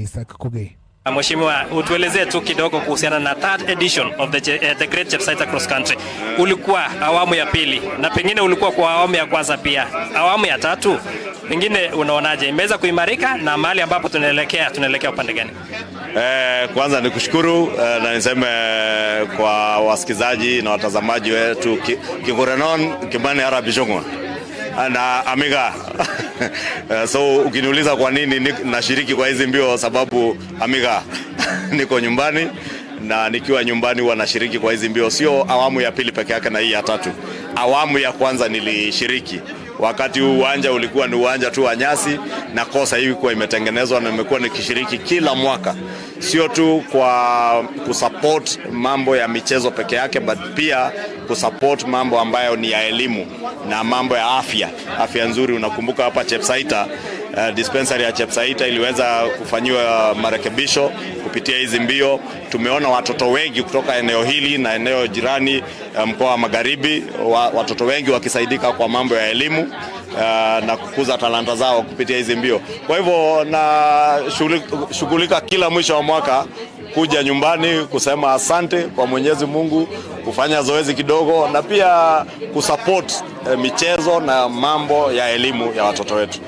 Isaac Kogei. Mheshimiwa, utuelezee tu kidogo kuhusiana na third edition of the, uh, the Great Chepsite Across Country. Ulikuwa awamu ya pili na pengine ulikuwa kwa awamu ya kwanza pia, awamu ya tatu pengine, unaonaje, imeweza kuimarika na mahali ambapo tunaelekea, tunaelekea upande gani? Eh, kwanza ni kushukuru eh, na niseme eh, kwa wasikizaji na watazamaji wetu King'orenon Kimani Arabishong'wa na Amiga. so ukiniuliza kwa nini nashiriki kwa hizi mbio, sababu amiga niko nyumbani na nikiwa nyumbani huwa nashiriki kwa hizi mbio, sio awamu ya pili peke yake na hii ya tatu. Awamu ya kwanza nilishiriki wakati huu uwanja ulikuwa ni uwanja tu wa nyasi, na kosa hii kuwa imetengenezwa na imekuwa nikishiriki kila mwaka, sio tu kwa kusupport mambo ya michezo peke yake, but pia kusupport mambo ambayo ni ya elimu na mambo ya afya, afya nzuri. Unakumbuka hapa Chepsaita Eh, dispensary ya Chepsaita iliweza kufanyiwa marekebisho kupitia hizi mbio. Tumeona watoto wengi kutoka eneo hili na eneo jirani eh, mkoa wa magharibi watoto wengi wakisaidika kwa mambo ya elimu eh, na kukuza talanta zao kupitia hizi mbio. Kwa hivyo na shughulika kila mwisho wa mwaka kuja nyumbani kusema asante kwa Mwenyezi Mungu, kufanya zoezi kidogo na pia kusupport michezo na mambo ya elimu ya watoto wetu.